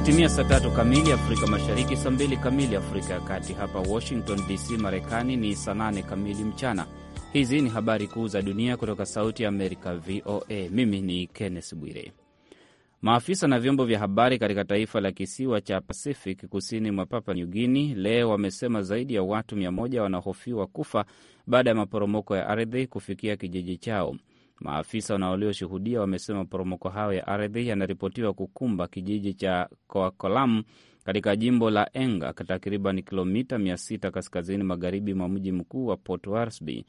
Imetimia saa tatu kamili Afrika Mashariki, saa mbili kamili Afrika ya Kati. Hapa Washington DC, Marekani ni saa nane kamili mchana. Hizi ni habari kuu za dunia kutoka Sauti ya Amerika, VOA. Mimi ni Kenneth Bwire. Maafisa na vyombo vya habari katika taifa la kisiwa cha Pacific kusini mwa papa New Guinea leo wamesema zaidi ya watu 1 wanahofiwa kufa baada ya maporomoko ya ardhi kufikia kijiji chao. Maafisa na walioshuhudia wamesema maporomoko hayo ya ardhi yanaripotiwa kukumba kijiji cha Koakolam katika jimbo la enga takriban kilomita 600 kaskazini magharibi mwa mji mkuu wa Port Warsby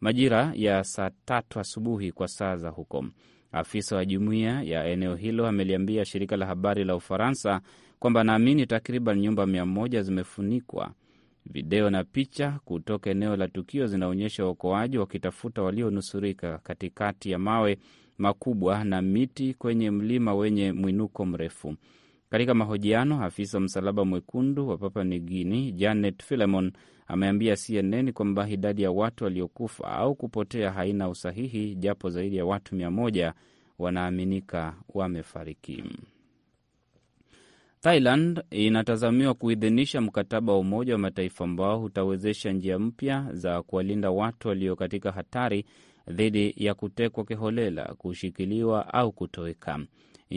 majira ya saa tatu asubuhi kwa saa za huko. Afisa wa jumuiya ya eneo hilo ameliambia shirika la habari la Ufaransa kwamba anaamini takriban nyumba mia moja zimefunikwa Video na picha kutoka eneo la tukio zinaonyesha waokoaji wakitafuta walionusurika katikati ya mawe makubwa na miti kwenye mlima wenye mwinuko mrefu. Katika mahojiano, afisa msalaba mwekundu wa Papua New Guinea Janet Filemon ameambia CNN kwamba idadi ya watu waliokufa au kupotea haina usahihi, japo zaidi ya watu mia moja wanaaminika wamefariki. Thailand inatazamiwa kuidhinisha mkataba wa Umoja wa Mataifa ambao utawezesha njia mpya za kuwalinda watu walio katika hatari dhidi ya kutekwa kiholela, kushikiliwa au kutoweka.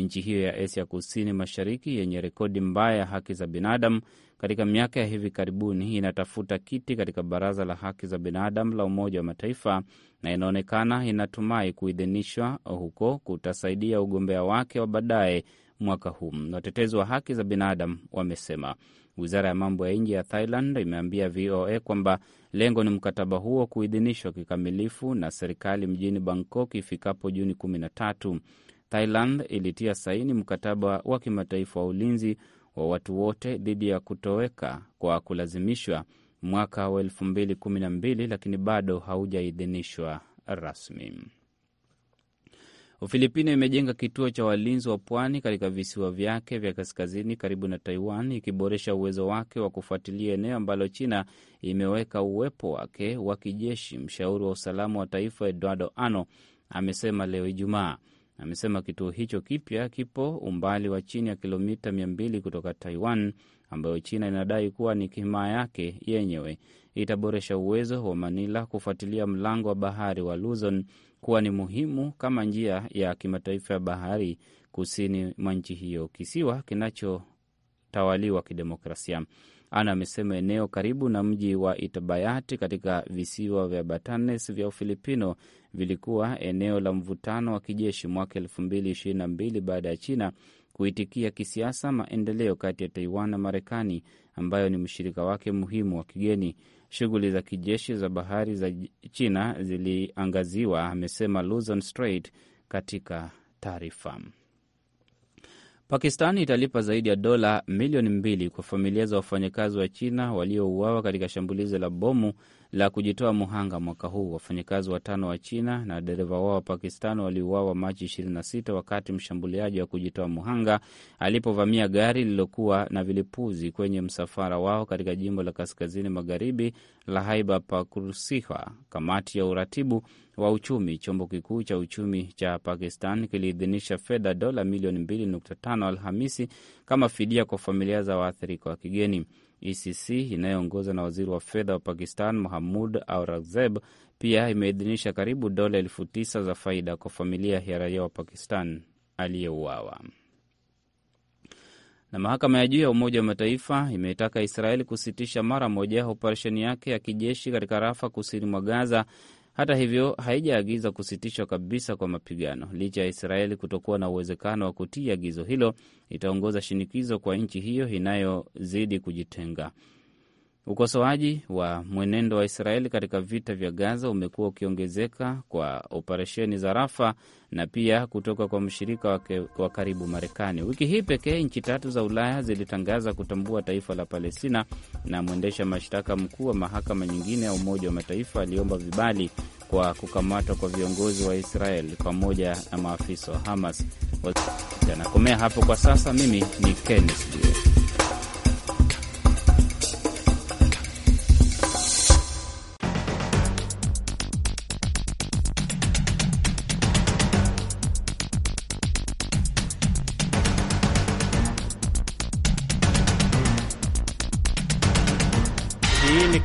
Nchi hiyo ya Asia Kusini Mashariki yenye rekodi mbaya ya haki za binadamu katika miaka ya hivi karibuni inatafuta kiti katika Baraza la Haki za Binadamu la Umoja wa Mataifa na inaonekana inatumai kuidhinishwa huko kutasaidia ugombea wake wa baadaye mwaka huu, watetezi wa haki za binadamu wamesema. Wizara ya mambo ya nje ya Thailand imeambia VOA kwamba lengo ni mkataba huo kuidhinishwa kikamilifu na serikali mjini Bangkok ifikapo Juni kumi na Thailand ilitia saini mkataba wa kimataifa wa ulinzi wa watu wote dhidi ya kutoweka kwa kulazimishwa mwaka wa 2012 lakini bado haujaidhinishwa rasmi. Ufilipino imejenga kituo cha walinzi wa pwani katika visiwa vyake vya kaskazini karibu na Taiwan, ikiboresha uwezo wake wa kufuatilia eneo ambalo China imeweka uwepo wake wa kijeshi. Mshauri wa usalama wa taifa Eduardo Ano amesema leo Ijumaa amesema kituo hicho kipya kipo umbali wa chini ya kilomita 200 kutoka Taiwan ambayo China inadai kuwa ni himaya yake yenyewe. Itaboresha uwezo wa Manila kufuatilia mlango wa bahari wa Luzon kuwa ni muhimu kama njia ya kimataifa ya bahari kusini mwa nchi hiyo, kisiwa kinachotawaliwa kidemokrasia. Ana amesema eneo karibu na mji wa Itabayati katika visiwa vya Batanes vya Ufilipino vilikuwa eneo la mvutano wa kijeshi mwaka mbili baada ya China kuitikia kisiasa maendeleo kati ya Taiwan na Marekani ambayo ni mshirika wake muhimu wa kigeni. Shughuli za kijeshi za bahari za China ziliangaziwa, amesema Luzon Strait katika taarifa. Pakistan italipa zaidi ya dola milioni mbili kwa familia za wafanyakazi wa China waliouawa katika shambulizi la bomu la kujitoa muhanga mwaka huu. Wafanyakazi watano wa China na dereva wao wa Pakistan waliuawa Machi 26 wakati mshambuliaji wa kujitoa muhanga alipovamia gari lililokuwa na vilipuzi kwenye msafara wao katika jimbo la kaskazini magharibi la Haiba Pakursiha. Kamati ya uratibu wa uchumi, chombo kikuu cha uchumi cha Pakistan, kiliidhinisha fedha dola milioni 2.5 Alhamisi kama fidia kwa familia za waathirika wa kigeni. ECC inayoongozwa na waziri wa fedha wa Pakistan Mahamud Aurangzeb pia imeidhinisha karibu dola elfu tisa za faida kwa familia ya raia wa Pakistan aliyeuawa. Na mahakama ya juu ya Umoja wa Mataifa imetaka Israeli kusitisha mara moja operesheni yake ya kijeshi katika Rafa, kusini mwa Gaza, hata hivyo, haijaagiza kusitishwa kabisa kwa mapigano. Licha ya Israeli kutokuwa na uwezekano wa kutii agizo hilo, itaongoza shinikizo kwa nchi hiyo inayozidi kujitenga. Ukosoaji wa mwenendo wa Israeli katika vita vya Gaza umekuwa ukiongezeka kwa operesheni za Rafa na pia kutoka kwa mshirika wa karibu Marekani. Wiki hii pekee nchi tatu za Ulaya zilitangaza kutambua taifa la Palestina, na mwendesha mashtaka mkuu wa mahakama nyingine ya Umoja wa Mataifa aliomba vibali kwa kukamatwa kwa viongozi wa israel pamoja na maafisa wa Hamas. Anakomea hapo kwa sasa. Mimi ni Kennes.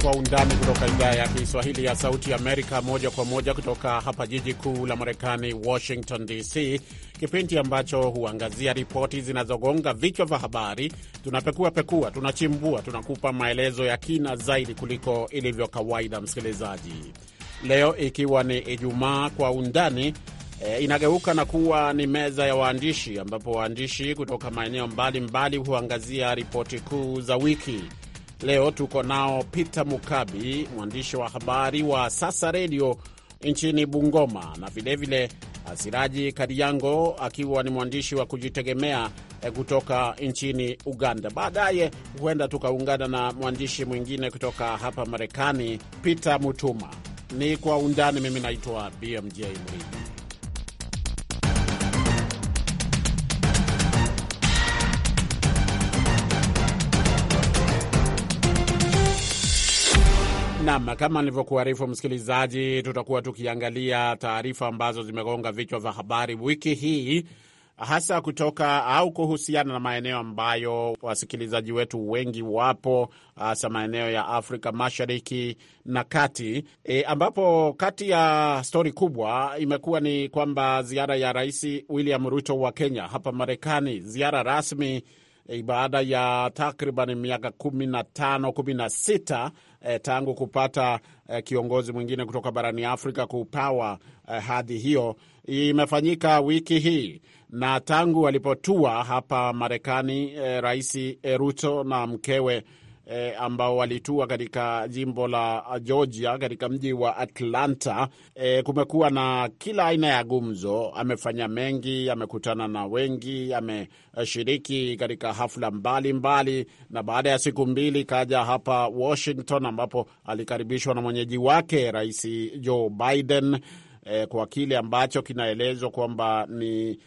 Kwa Undani kutoka idhaa ya Kiswahili ya Sauti Amerika, moja kwa moja kutoka hapa jiji kuu la Marekani, Washington DC, kipindi ambacho huangazia ripoti zinazogonga vichwa vya habari. Tunapekua pekua, tunachimbua, tunakupa maelezo ya kina zaidi kuliko ilivyo kawaida. Msikilizaji, leo ikiwa ni Ijumaa, Kwa Undani E, inageuka na kuwa ni meza ya waandishi ambapo waandishi kutoka maeneo mbalimbali huangazia ripoti kuu za wiki. Leo tuko nao Peter Mukabi, mwandishi wa habari wa Sasa Redio nchini Bungoma, na vilevile Asiraji Kariango akiwa ni mwandishi wa kujitegemea eh, kutoka nchini Uganda. Baadaye huenda tukaungana na mwandishi mwingine kutoka hapa Marekani, Peter Mutuma. Ni kwa undani. Mimi naitwa BMJ Mridi. Nam, kama nilivyokuarifu msikilizaji, tutakuwa tukiangalia taarifa ambazo zimegonga vichwa vya habari wiki hii, hasa kutoka au kuhusiana na maeneo ambayo wasikilizaji wetu wengi wapo, hasa maeneo ya Afrika Mashariki na Kati e, ambapo kati ya stori kubwa imekuwa ni kwamba ziara ya Rais William Ruto wa Kenya hapa Marekani, ziara rasmi e, baada ya takriban miaka kumi na tano kumi na sita eh, tangu kupata eh, kiongozi mwingine kutoka barani Afrika kupawa eh, hadhi hiyo imefanyika wiki hii na tangu alipotua hapa Marekani eh, Rais eh, Ruto na mkewe e, ambao walitua katika jimbo la Georgia katika mji wa Atlanta. E, kumekuwa na kila aina ya gumzo. Amefanya mengi, amekutana na wengi, ameshiriki katika hafla mbalimbali mbali, na baada ya siku mbili kaja hapa Washington ambapo alikaribishwa na mwenyeji wake Rais Joe Biden e, kwa kile ambacho kinaelezwa kwamba ni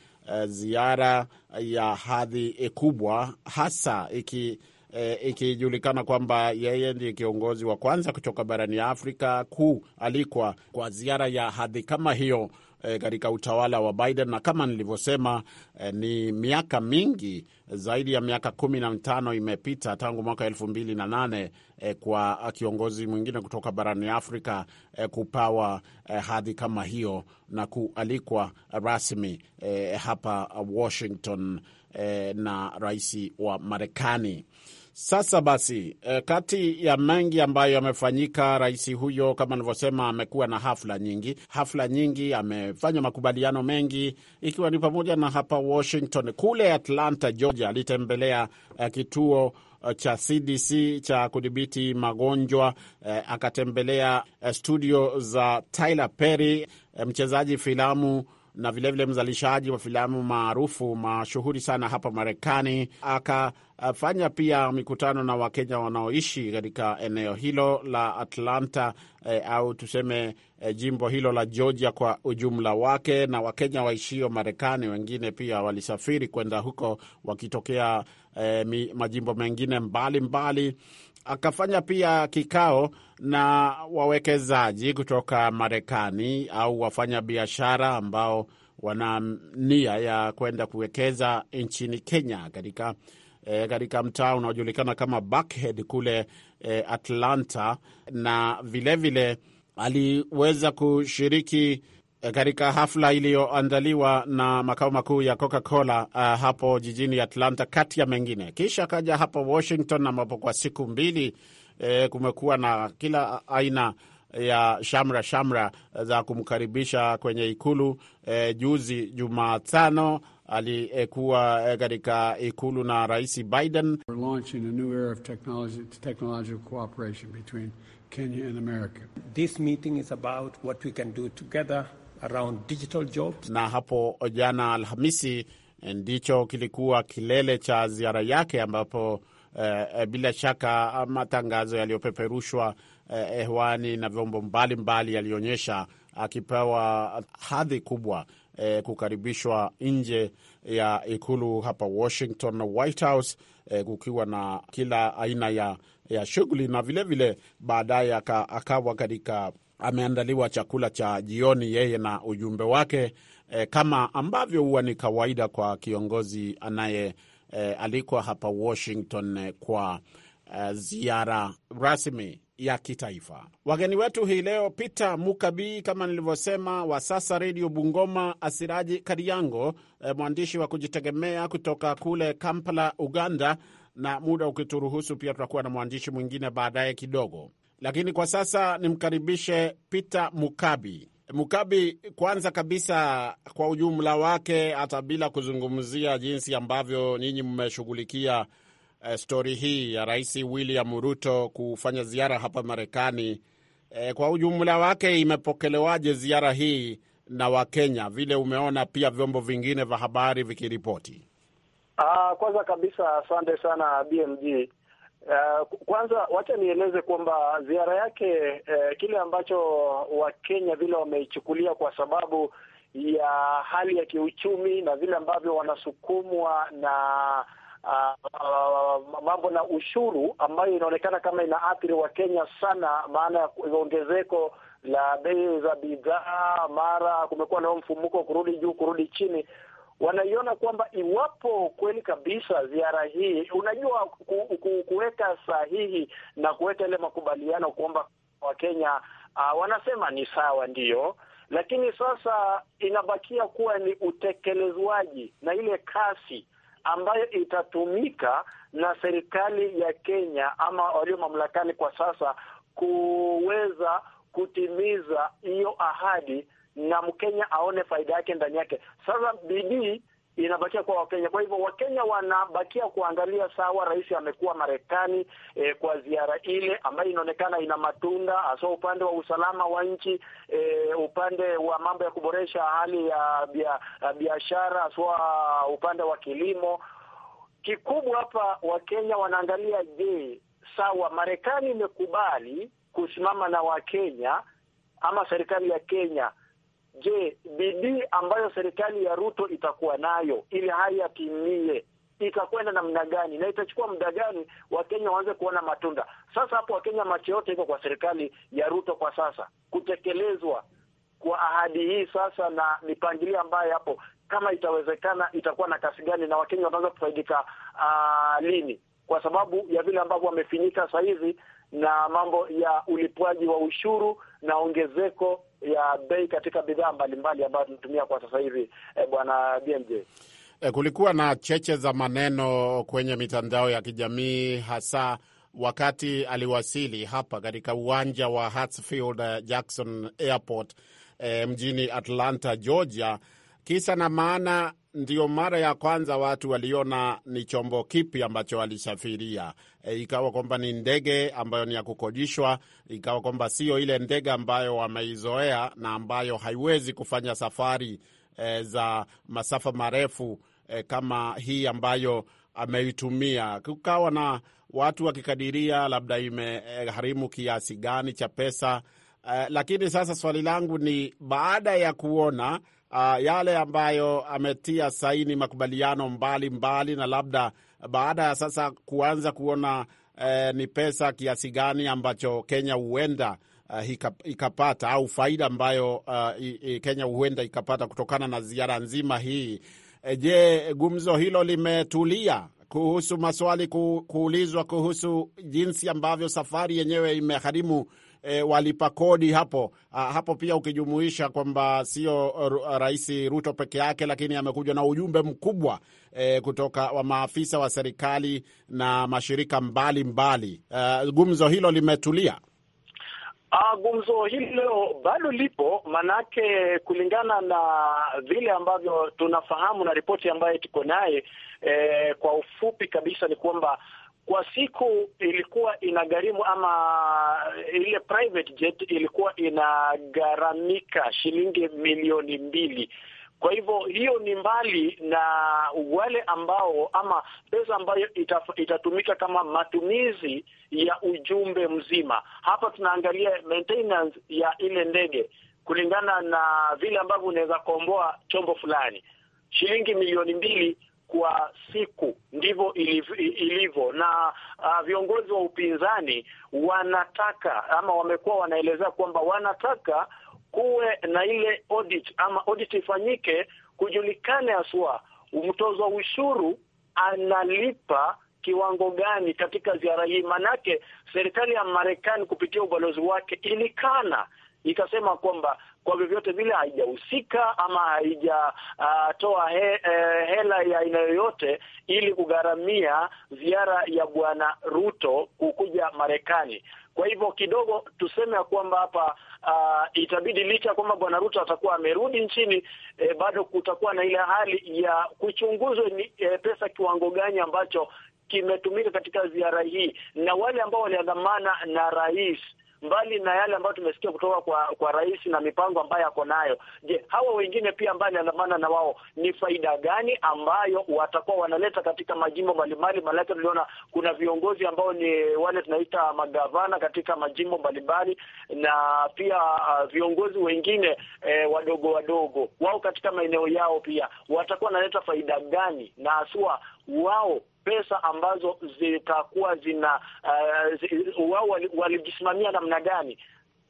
ziara ya hadhi kubwa hasa iki e, ikijulikana kwamba yeye ndiye kiongozi wa kwanza kutoka barani ya Afrika kualikwa kwa ziara ya hadhi kama hiyo eh, katika utawala wa Biden na kama nilivyosema, e, ni miaka mingi zaidi ya miaka kumi na mitano imepita tangu mwaka elfu mbili na nane e, kwa kiongozi mwingine kutoka barani Afrika e, kupawa e, hadhi kama hiyo na kualikwa rasmi e, hapa Washington e, na rais wa Marekani. Sasa basi, eh, kati ya mengi ambayo yamefanyika, rais huyo kama anavyosema amekuwa na hafla nyingi, hafla nyingi, amefanya makubaliano mengi, ikiwa ni pamoja na hapa Washington. Kule Atlanta, Georgia, alitembelea eh, kituo eh, cha CDC cha kudhibiti magonjwa eh, akatembelea eh, studio za Tyler Perry eh, mchezaji filamu na vilevile mzalishaji wa filamu maarufu mashuhuri sana hapa Marekani. Akafanya pia mikutano na Wakenya wanaoishi katika eneo hilo la Atlanta eh, au tuseme eh, jimbo hilo la Georgia kwa ujumla wake, na Wakenya waishio Marekani wengine pia walisafiri kwenda huko wakitokea eh, majimbo mengine mbalimbali mbali akafanya pia kikao na wawekezaji kutoka Marekani au wafanya biashara ambao wana nia ya kwenda kuwekeza nchini Kenya katika E, katika mtaa unaojulikana kama Buckhead kule e, Atlanta na vilevile vile, aliweza kushiriki katika hafla iliyoandaliwa na makao makuu ya Coca-Cola uh, hapo jijini Atlanta, kati ya mengine. Kisha akaja hapo Washington, ambapo kwa siku mbili eh, kumekuwa na kila aina ya shamra shamra eh, za kumkaribisha kwenye ikulu. Eh, juzi Jumatano aliyekuwa eh, katika ikulu na Rais Biden. This meeting is about what we can do together around digital jobs. Na hapo jana Alhamisi eh, ndicho kilikuwa kilele cha ziara yake ambapo eh, eh bila shaka matangazo yaliyopeperushwa eh, hewani eh, na vyombo mbalimbali yalionyesha akipewa hadhi kubwa eh, kukaribishwa nje ya ikulu hapa Washington White House eh, kukiwa na kila aina ya, ya shughuli na vilevile baadaye akawa katika ameandaliwa chakula cha jioni, yeye na ujumbe wake, e, kama ambavyo huwa ni kawaida kwa kiongozi anaye e, alikwa hapa Washington e, kwa e, ziara rasmi ya kitaifa. Wageni wetu hii leo Peter Mukabi, kama nilivyosema, wa sasa Redio Bungoma, Asiraji Kariango, e, mwandishi wa kujitegemea kutoka kule Kampala, Uganda, na muda ukituruhusu pia tutakuwa na mwandishi mwingine baadaye kidogo. Lakini kwa sasa nimkaribishe Peter Mukabi. Mukabi, kwanza kabisa, kwa ujumla wake, hata bila kuzungumzia jinsi ambavyo ninyi mmeshughulikia eh, stori hii ya Rais William Ruto kufanya ziara hapa Marekani, eh, kwa ujumla wake imepokelewaje ziara hii na Wakenya, vile umeona pia vyombo vingine vya habari vikiripoti? Ah, kwanza kabisa asante sana BMG. Uh, kwanza wacha nieleze kwamba ziara yake uh, kile ambacho Wakenya vile wameichukulia kwa sababu ya hali ya kiuchumi na vile ambavyo wanasukumwa na uh, uh, mambo na ushuru ambayo inaonekana kama inaathiri Wakenya sana, maana ya ongezeko la bei za bidhaa, mara kumekuwa na mfumuko kurudi juu kurudi chini wanaiona kwamba iwapo kweli kabisa ziara hii, unajua ku, ku, kuweka sahihi na kuweka ile makubaliano kwamba Wakenya uh, ah, wanasema ni sawa, ndiyo lakini sasa inabakia kuwa ni utekelezwaji na ile kasi ambayo itatumika na serikali ya Kenya ama walio mamlakani kwa sasa kuweza kutimiza hiyo ahadi na Mkenya aone faida yake ndani yake. Sasa bidii inabakia kwa Wakenya. Kwa hivyo Wakenya wanabakia kuangalia, sawa, rais amekuwa Marekani e, kwa ziara ile ambayo inaonekana ina matunda hasa upande wa usalama wa nchi e, upande wa mambo ya kuboresha hali ya biashara bia hasa upande wa kilimo. Kikubwa hapa Wakenya wanaangalia, je, sawa, Marekani imekubali kusimama na Wakenya ama serikali ya Kenya Je, bidii ambayo serikali ya Ruto itakuwa nayo ili haya yatimie itakwenda namna gani na itachukua muda gani Wakenya waanze kuona matunda? Sasa hapo Wakenya macho yote iko kwa serikali ya Ruto kwa sasa kutekelezwa kwa ahadi hii sasa na mipangilio ambayo hapo kama itawezekana itakuwa na kasi gani na Wakenya wataanza kufaidika uh, lini? Kwa sababu ya vile ambavyo wamefinyika sasa hivi na mambo ya ulipwaji wa ushuru na ongezeko ya bei katika bidhaa mbalimbali ambayo tunatumia kwa sasa hivi. E, bwana BMJ, e, eh, kulikuwa na cheche za maneno kwenye mitandao ya kijamii hasa wakati aliwasili hapa katika uwanja wa Hartsfield eh, Jackson Airport e, mjini Atlanta, Georgia Kisa na maana, ndio mara ya kwanza watu waliona ni chombo kipi ambacho walisafiria. E, ikawa kwamba ni ndege ambayo ni ya kukodishwa, ikawa kwamba sio ile ndege ambayo wameizoea na ambayo haiwezi kufanya safari e, za masafa marefu e, kama hii ambayo ameitumia. Kukawa na watu wakikadiria labda imegharimu kiasi gani cha pesa. e, lakini sasa swali langu ni baada ya kuona uh, yale ambayo ametia saini makubaliano mbalimbali mbali, na labda baada ya sasa kuanza kuona eh, ni pesa kiasi gani ambacho Kenya huenda Uh, ikapata au faida ambayo uh, Kenya huenda ikapata kutokana na ziara nzima hii. Eh, je, gumzo hilo limetulia kuhusu maswali ku, kuulizwa kuhusu jinsi ambavyo safari yenyewe imegharimu e, walipa kodi hapo a, ah, hapo pia ukijumuisha kwamba sio eh, Rais Ruto peke yake, lakini amekuja na ujumbe mkubwa e, kutoka wa maafisa wa serikali na mashirika mbalimbali mbali. Gumzo hilo limetulia. Uh, gumzo hilo bado lipo, manake kulingana na vile ambavyo tunafahamu na ripoti ambayo tuko naye, eh, kwa ufupi kabisa ni kwamba kwa siku ilikuwa inagharimu ama eh, ile private jet ilikuwa inagharamika shilingi milioni mbili. Kwa hivyo hiyo ni mbali na wale ambao ama pesa ambayo itatumika kama matumizi ya ujumbe mzima. Hapa tunaangalia maintenance ya ile ndege kulingana na vile ambavyo unaweza komboa chombo fulani, shilingi milioni mbili kwa siku ndivyo ilivyo, Na uh, viongozi wa upinzani wanataka ama wamekuwa wanaelezea kwamba wanataka kuwe na ile audit ama audit ifanyike, kujulikane haswa mtoza ushuru analipa kiwango gani katika ziara hii. Manake serikali ya Marekani kupitia ubalozi wake ilikana ikasema kwamba kwa vyovyote vile haijahusika ama haijatoa uh, he, uh, hela ya aina yoyote ili kugharamia ziara ya Bwana Ruto kukuja Marekani. Kwa hivyo kidogo tuseme ya kwamba hapa uh, itabidi licha ya kwamba bwana Ruto atakuwa amerudi nchini eh, bado kutakuwa na ile hali ya kuchunguzwa ni eh, pesa kiwango gani ambacho kimetumika katika ziara hii, na wale ambao waliandamana na rais mbali na yale ambayo tumesikia kutoka kwa kwa rais na mipango ambayo yako nayo, je, hawa wengine pia ambayo anaandamana na wao ni faida gani ambayo watakuwa wanaleta katika majimbo mbalimbali? Maanake tuliona kuna viongozi ambao ni wale tunaita magavana katika majimbo mbalimbali na pia uh, viongozi wengine eh, wadogo wadogo wao katika maeneo yao pia watakuwa wanaleta faida gani, na haswa wao pesa ambazo zitakuwa zina uh, wao walijisimamia namna gani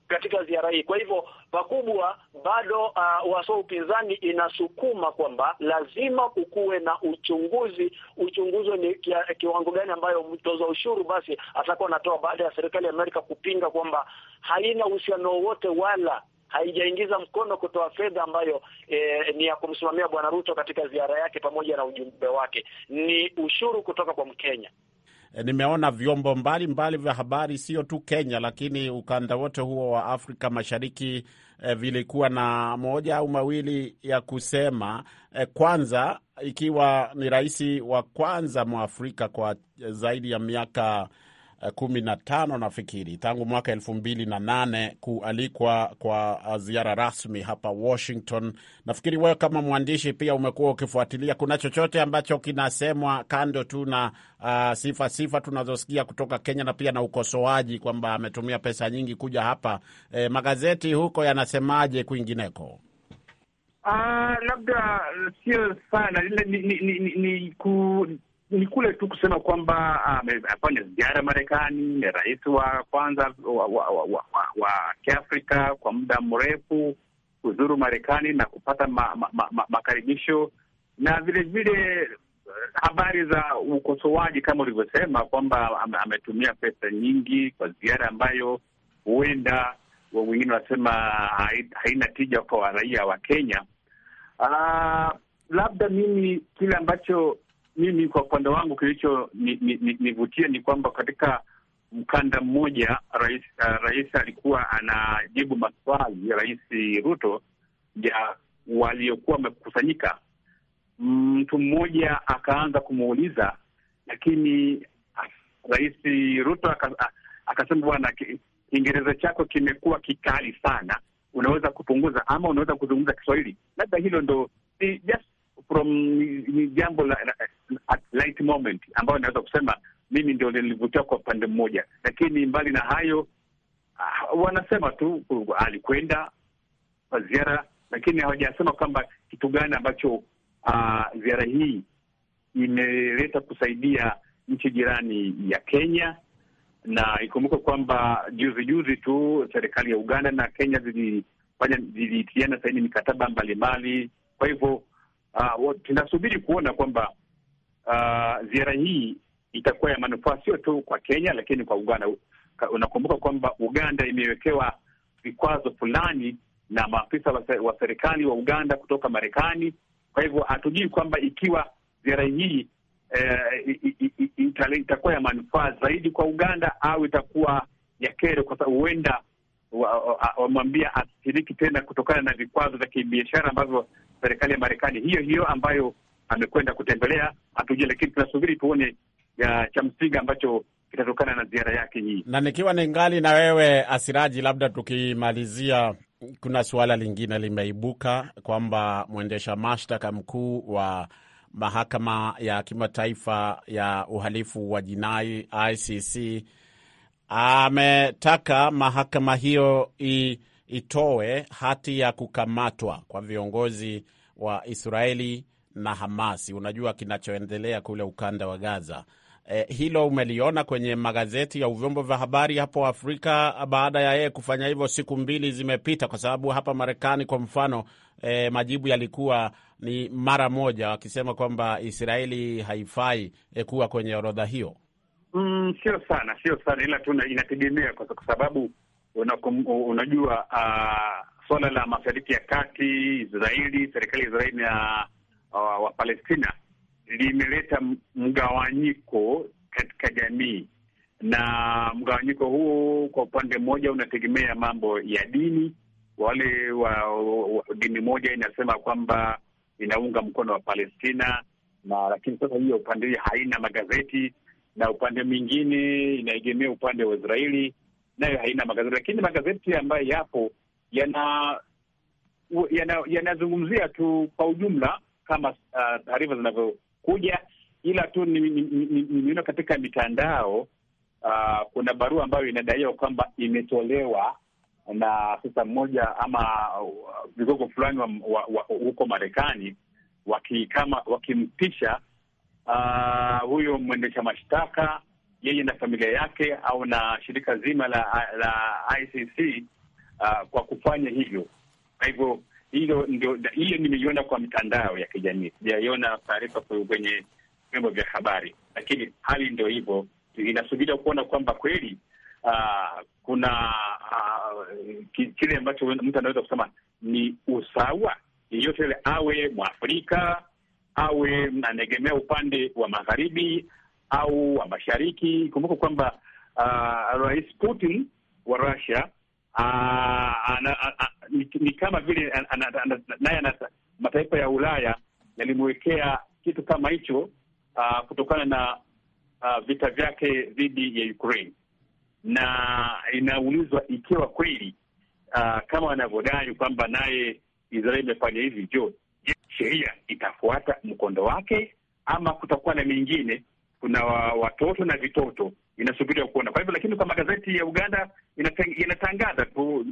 katika ziara hii. Kwa hivyo pakubwa bado uh, eh, waso upinzani inasukuma kwamba lazima kukuwe na uchunguzi. Uchunguzi ni kiwango gani ambayo mtoza ushuru basi atakuwa anatoa baada ya serikali ya Amerika kupinga kwamba haina uhusiano wowote wala haijaingiza mkono kutoa fedha ambayo e, ni ya kumsimamia Bwana Ruto katika ziara yake pamoja na ujumbe wake. Ni ushuru kutoka kwa Mkenya. E, nimeona vyombo mbalimbali vya habari sio tu Kenya lakini ukanda wote huo wa Afrika Mashariki e, vilikuwa na moja au mawili ya kusema e, kwanza ikiwa ni rais wa kwanza mwa Afrika kwa zaidi ya miaka Eh, kumi na tano nafikiri, tangu mwaka elfu mbili na nane kualikwa kwa eh, ziara rasmi hapa Washington. Nafikiri wewe kama mwandishi pia umekuwa ukifuatilia, kuna chochote ambacho kinasemwa kando tu na uh, sifa sifa tunazosikia kutoka Kenya na pia na ukosoaji kwamba ametumia pesa nyingi kuja hapa. eh, magazeti huko yanasemaje kwingineko? Uh, labda sio sana, ni, ni, ni, ni, ni ku ni kule tu kusema kwamba amefanya ah, ziara Marekani, ni rais wa kwanza wa, wa, wa, wa, wa kiafrika kwa muda mrefu kuzuru Marekani na kupata ma, ma, ma, ma, makaribisho na vilevile eh, habari za ukosoaji kama ulivyosema kwamba ametumia pesa nyingi kwa ziara ambayo huenda wengine wanasema haina tija kwa raia wa Kenya. Aa, ah, labda mimi kile ambacho mimi kwa upande wangu kilichonivutia ni, ni, ni kwamba katika mkanda mmoja rais uh, rais alikuwa anajibu maswali ya Rais Ruto ya waliokuwa wamekusanyika. Mtu mmoja akaanza kumuuliza, lakini Rais Ruto akasema, bwana, Kiingereza chako kimekuwa kikali sana, unaweza kupunguza ama unaweza kuzungumza Kiswahili. Labda hilo ndo just from ni jambo la, la, light moment ambayo naweza kusema mimi ndio nilivutia kwa upande mmoja, lakini mbali na hayo uh, wanasema tu uh, alikwenda kwa ziara, lakini hawajasema kwamba kitu gani ambacho uh, ziara hii imeleta kusaidia nchi jirani ya Kenya. Na ikumbuke kwamba juzi juzi tu serikali ya Uganda na Kenya zilifanya zilitiana saini mikataba mbalimbali, kwa hivyo uh, tunasubiri kuona kwamba uh, ziara hii itakuwa ya manufaa sio tu kwa Kenya lakini kwa Uganda. Unakumbuka kwamba Uganda imewekewa vikwazo fulani na maafisa wa serikali wa Uganda kutoka Marekani. Kwa hivyo hatujui kwamba ikiwa ziara hii eh, itakuwa ya manufaa zaidi kwa Uganda au itakuwa ya kero, kwa sababu huenda wamwambia wa, wa ashiriki tena kutokana na vikwazo vya kibiashara ambavyo serikali ya Marekani hiyo hiyo ambayo amekwenda kutembelea. Hatujui, lakini tunasubiri tuone cha msingi ambacho kitatokana na ziara yake hii. Na nikiwa ni ngali na wewe Asiraji, labda tukimalizia, kuna suala lingine limeibuka kwamba mwendesha mashtaka mkuu wa mahakama ya kimataifa ya uhalifu wa jinai ICC ametaka mahakama hiyo itoe hati ya kukamatwa kwa viongozi wa Israeli na Hamasi. Unajua kinachoendelea kule ukanda wa Gaza. E, hilo umeliona kwenye magazeti ya vyombo vya habari hapo Afrika baada ya yeye kufanya hivyo, siku mbili zimepita, kwa sababu hapa Marekani kwa mfano, e, majibu yalikuwa ni mara moja, wakisema kwamba Israeli haifai e, kuwa kwenye orodha hiyo. Mm, sio sana, sio sana, ila tu inategemea kwa sababu unakum, unajua uh, ah, suala la Mashariki ya Kati, Israeli, serikali ya Israeli na uh, ah, Wapalestina limeleta mgawanyiko katika jamii, na mgawanyiko huo kwa upande mmoja unategemea mambo ya dini. Wale wa, wa, wa dini moja inasema kwamba inaunga mkono wa Palestina na lakini sasa hiyo upande haina magazeti na upande mwingine inaegemea upande wa Israeli, nayo haina magazeti. Lakini magazeti ambayo yapo yana yanazungumzia yana tu kwa ujumla kama uh, taarifa zinavyokuja, ila tu nimeona katika mitandao uh, kuna barua ambayo inadaiwa kwamba imetolewa na sasa mmoja ama uh, vigogo fulani huko wa, wa, wa, Marekani wakimpisha uh, huyo mwendesha mashtaka yeye na familia yake au na shirika zima la, la ICC uh, ah, kwa kufanya hivyo. Kwa hivyo hiyo ndio hiyo nimeiona kwa mitandao ya kijamii, sijaiona taarifa kwenye vyombo vya habari, lakini hali ndio hivyo. inasubiria kuona kwamba kweli uh, kuna uh, kile ambacho mtu anaweza kusema ni usawa, yeyote ile awe Mwafrika awe anaegemea upande wa magharibi au wa mashariki. Kumbuka kwamba uh, Rais Putin wa Russia uh, ni kama vile naye mataifa ya Ulaya yalimwekea kitu kama hicho uh, kutokana na uh, vita vyake dhidi ya Ukraine, na inaulizwa ikiwa kweli uh, kama wanavyodai kwamba naye israel imefanya hivi. Jo, Je, sheria itafuata mkondo wake ama kutakuwa na mengine? Kuna watoto na vitoto inasubiriwa kuona. Kwa hivyo, lakini kwa magazeti ya Uganda inatangaza tu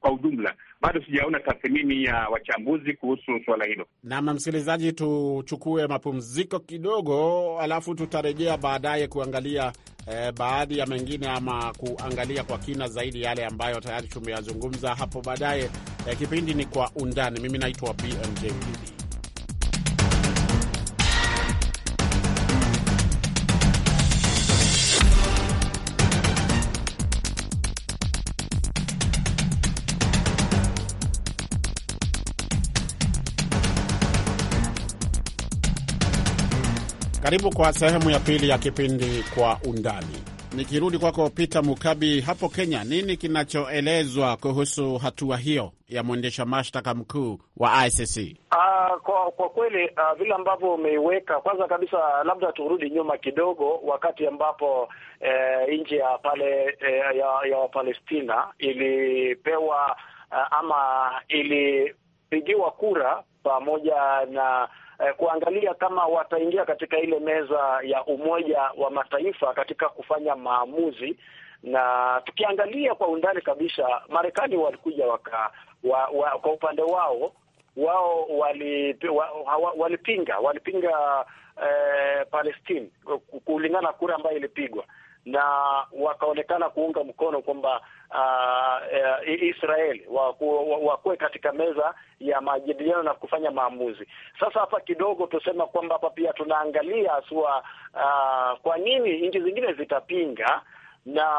kwa ujumla, bado sijaona tathmini ya wachambuzi kuhusu suala hilo. Nam msikilizaji, tuchukue mapumziko kidogo, alafu tutarejea baadaye kuangalia eh, baadhi ya mengine ama kuangalia kwa kina zaidi yale ambayo tayari tumeyazungumza hapo baadaye. Eh, kipindi ni kwa undani. Mimi naitwa BMJ Mridhi. Karibu kwa sehemu ya pili ya kipindi Kwa Undani. Nikirudi kwako Peter Mukabi hapo Kenya, nini kinachoelezwa kuhusu hatua hiyo ya mwendesha mashtaka mkuu wa ICC? Uh, ah, kwa, kwa kweli uh, vile ambavyo umeiweka, kwanza kabisa labda turudi nyuma kidogo, wakati ambapo eh, nchi ya pale eh, ya, ya Wapalestina ilipewa uh, ama ilipigiwa kura pamoja na eh, kuangalia kama wataingia katika ile meza ya Umoja wa Mataifa katika kufanya maamuzi. Na tukiangalia kwa undani kabisa, Marekani walikuja waka wa, wa, kwa upande wao wao walipinga wa, walipinga, walipinga eh, Palestine kulingana na kura ambayo ilipigwa na wakaonekana kuunga mkono kwamba uh, uh, Israel wakuwe katika meza ya majadiliano na kufanya maamuzi. Sasa hapa kidogo tusema kwamba hapa pia tunaangalia sua uh, kwa nini nchi zingine zitapinga na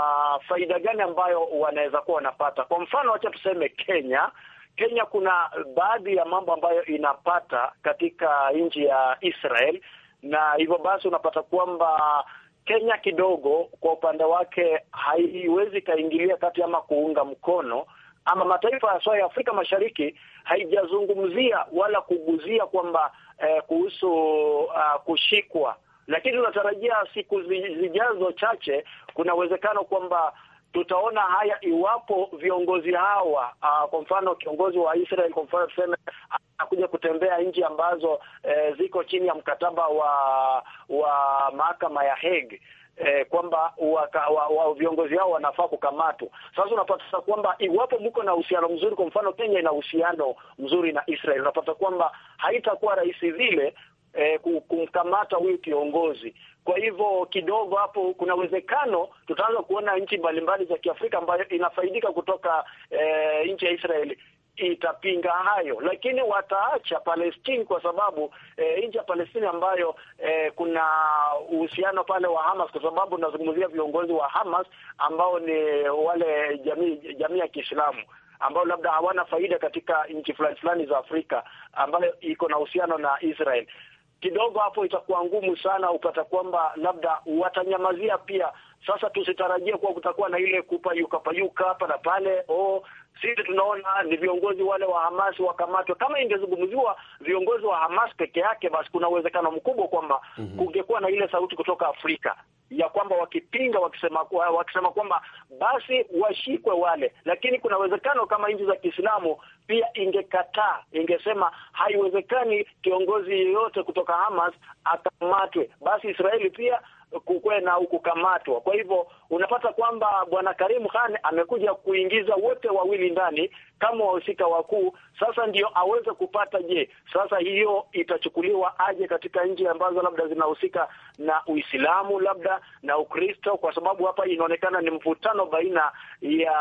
faida gani ambayo wanaweza kuwa wanapata. Kwa mfano, wacha tuseme Kenya. Kenya kuna baadhi ya mambo ambayo inapata katika nchi ya Israel na hivyo basi unapata kwamba Kenya kidogo kwa upande wake haiwezi ikaingilia kati ama kuunga mkono ama mataifa haswa ya Afrika Mashariki haijazungumzia wala kuguzia kwamba eh, kuhusu uh, kushikwa, lakini tunatarajia siku zijazo chache kuna uwezekano kwamba tutaona haya iwapo viongozi hawa uh, kwa mfano kiongozi wa Israel kwa mfano tuseme anakuja kutembea nchi ambazo eh, ziko chini ya mkataba wa wa mahakama ya Hague. Eh, kwamba viongozi hao wanafaa kukamatwa. Sasa unapata kwamba iwapo mko na uhusiano mzuri, kwa mfano Kenya ina uhusiano mzuri na Israel, unapata kwamba haitakuwa rahisi vile eh, kumkamata huyu kiongozi kwa hivyo kidogo hapo kuna uwezekano tutaanza kuona nchi mbalimbali za Kiafrika ambayo inafaidika kutoka eh, nchi ya Israeli itapinga hayo, lakini wataacha Palestine kwa sababu eh, nchi ya palestini ambayo eh, kuna uhusiano pale wa Hamas, kwa sababu unazungumzia viongozi wa Hamas ambao ni wale jamii jamii ya Kiislamu ambao labda hawana faida katika nchi fulani fulani za Afrika ambayo iko na uhusiano na Israel kidogo hapo itakuwa ngumu sana, upata kwamba labda watanyamazia pia. Sasa tusitarajie kuwa kutakuwa na ile kupayuka payuka hapa na pale, oh, sisi tunaona ni viongozi wale wa Hamas wakamatwe. Kama ingezungumziwa viongozi wa Hamas peke yake, basi kuna uwezekano mkubwa kwamba mm -hmm. kungekuwa na ile sauti kutoka Afrika ya kwamba wakipinga, wakisema eh, wakisema kwamba basi washikwe wale, lakini kuna uwezekano kama nchi za Kiislamu pia ingekataa, ingesema haiwezekani kiongozi yeyote kutoka Hamas akamatwe, basi Israeli pia kukwe na kukamatwa. Kwa hivyo unapata kwamba bwana Karim Khan amekuja kuingiza wote wawili ndani kama wahusika wakuu, sasa ndio aweze kupata. Je, sasa hiyo itachukuliwa aje katika nchi ambazo labda zinahusika na Uislamu labda na Ukristo? Kwa sababu hapa inaonekana ni mvutano baina ya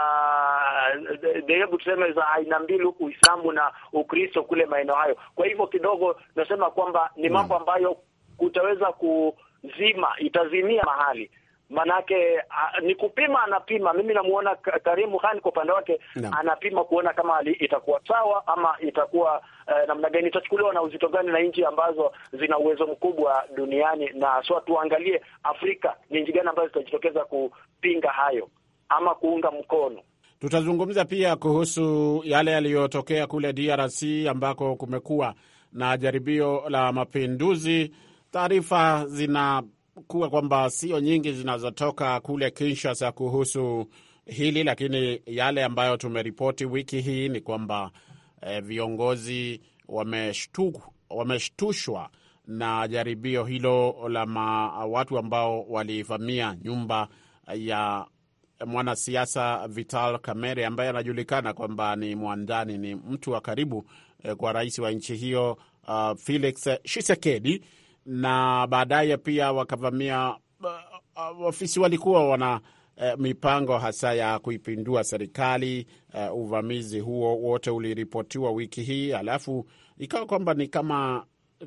dhehebu eh, tuseme za aina mbili, Uislamu na Ukristo kule maeneo hayo. Kwa hivyo kidogo nasema kwamba ni mm. mambo ambayo kutaweza ku zima itazimia mahali Manake uh, ni kupima anapima. Mimi namuona Karimu Khan kwa upande wake no. anapima kuona kama hali itakuwa sawa ama itakuwa uh, namna gani, itachukuliwa na uzito gani na nchi ambazo zina uwezo mkubwa duniani, na haswa tuangalie Afrika ni nchi gani ambazo zitajitokeza kupinga hayo ama kuunga mkono. Tutazungumza pia kuhusu yale yaliyotokea kule DRC ambako kumekuwa na jaribio la mapinduzi Taarifa zinakuwa kwamba sio nyingi zinazotoka kule Kinshasa kuhusu hili, lakini yale ambayo tumeripoti wiki hii ni kwamba eh, viongozi wameshtushwa wameshtushwa na jaribio hilo la watu ambao walivamia nyumba ya mwanasiasa Vital Kamerhe ambaye anajulikana kwamba ni mwandani, ni mtu wa karibu eh, kwa rais wa nchi hiyo uh, Felix Tshisekedi na baadaye pia wakavamia uh, ofisi. Walikuwa wana eh, mipango hasa ya kuipindua serikali. Eh, uvamizi huo wote uliripotiwa wiki hii, alafu ikawa kwamba ni kama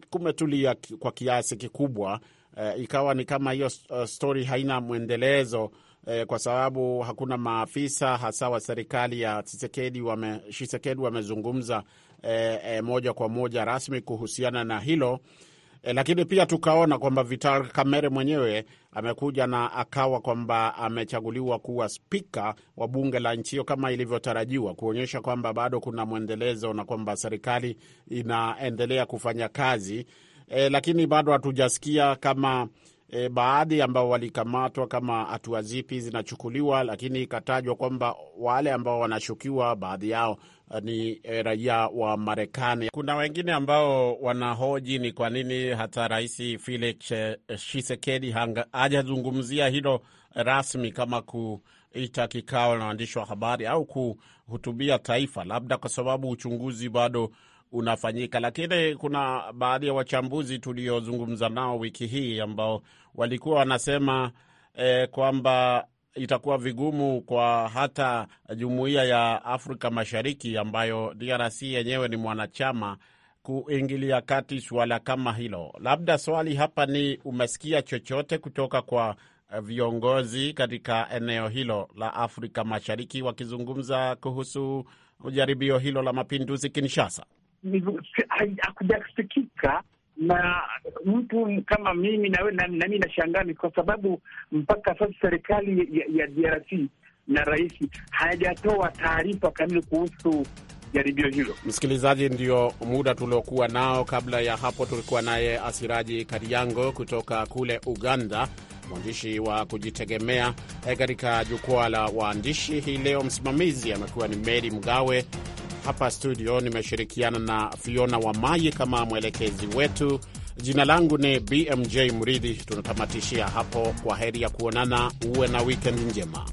kumetulia kwa kiasi kikubwa. Eh, ikawa ni kama hiyo eh, stori haina mwendelezo eh, kwa sababu hakuna maafisa hasa wa serikali ya Tshisekedi wame, Tshisekedi wamezungumza eh, eh, moja kwa moja rasmi kuhusiana na hilo E, lakini pia tukaona kwamba Vital Kamerhe mwenyewe amekuja na akawa kwamba amechaguliwa kuwa spika wa bunge la nchi hiyo kama ilivyotarajiwa, kuonyesha kwamba bado kuna mwendelezo na kwamba serikali inaendelea kufanya kazi e, lakini bado hatujasikia kama e, baadhi ambao walikamatwa, kama hatua zipi zinachukuliwa, lakini ikatajwa kwamba wale ambao wanashukiwa baadhi yao e, ni e, raia wa Marekani. Kuna wengine ambao wanahoji ni kwa nini hata Rais Felix e, Tshisekedi hajazungumzia hilo rasmi kama kuita kikao na waandishi wa habari au kuhutubia taifa, labda kwa sababu uchunguzi bado unafanyika, lakini kuna baadhi ya wachambuzi tuliozungumza nao wiki hii ambao walikuwa wanasema eh, kwamba itakuwa vigumu kwa hata jumuiya ya Afrika Mashariki ambayo DRC yenyewe ni mwanachama kuingilia kati suala kama hilo. Labda swali hapa ni umesikia chochote kutoka kwa eh, viongozi katika eneo hilo la Afrika Mashariki wakizungumza kuhusu jaribio hilo la mapinduzi Kinshasa? hakujafikika na mtu kama mimi na wewe, nami nashangaa kwa sababu mpaka sasa serikali ya, ya DRC na rais hajatoa taarifa kamili kuhusu jaribio hilo. Msikilizaji, ndio muda tuliokuwa nao. Kabla ya hapo, tulikuwa naye Asiraji Kariango kutoka kule Uganda, mwandishi wa kujitegemea e, katika jukwaa la waandishi hii leo. Msimamizi amekuwa ni Meri Mgawe. Hapa studio nimeshirikiana na Fiona Wamayi kama mwelekezi wetu. Jina langu ni BMJ Mridhi. Tunatamatishia hapo. Kwa heri ya kuonana, uwe na wikendi njema.